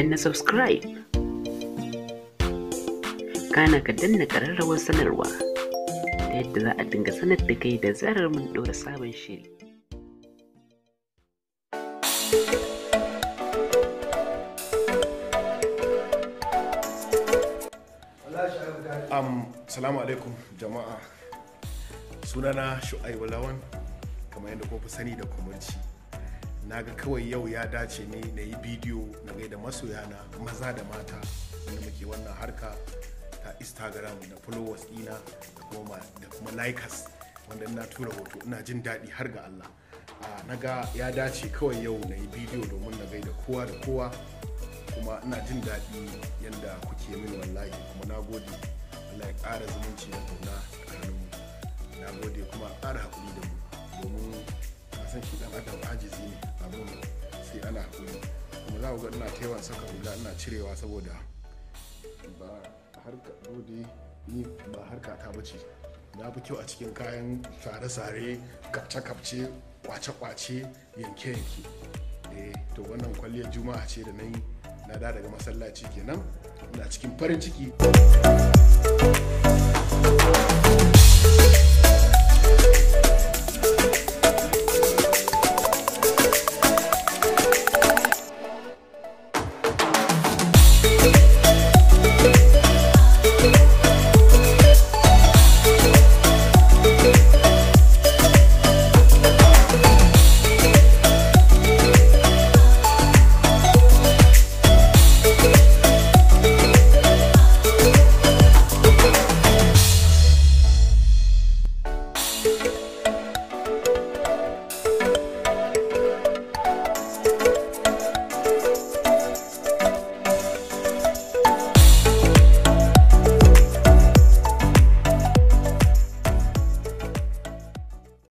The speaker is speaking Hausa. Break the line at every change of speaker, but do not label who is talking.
danna subscribe kana ka danna ƙararrawar sanarwa ta yadda za a dinga sanar da kai da zarar mun ɗora sabon shiri
salamu alaikum jama'a sunana shu'aibu lawan kamar yadda kofi sani da kwamarci na ga kawai yau ya dace ne na yi bidiyo na gaida masoya na maza da mata wanda muke wannan harka ta instagram da followers dina da kuma likers wanda ina tura hoto ina jin daɗi har ga allah na ga ya dace kawai yau na yi bidiyo domin na gaida kowa da kowa kuma ina jin daɗi yadda kuke mini wallahi kuma na gode allah ya ƙara zumunci da kuna tsakaninmu na gode kuma ƙara haƙuri da mu domin kasan shi ɗan adam ajizi ne abun sai ana haƙuri kuma za ku ga ina ta yawan saka hula ina cirewa saboda ba harka dole ni ba harka ta bace na fi kyau a cikin kayan sare-sare kapce-kapce kwace-kwace yanke-yanke eh to wannan kwalliyar juma'a ce da na yi na da daga masallaci kenan ina cikin farin ciki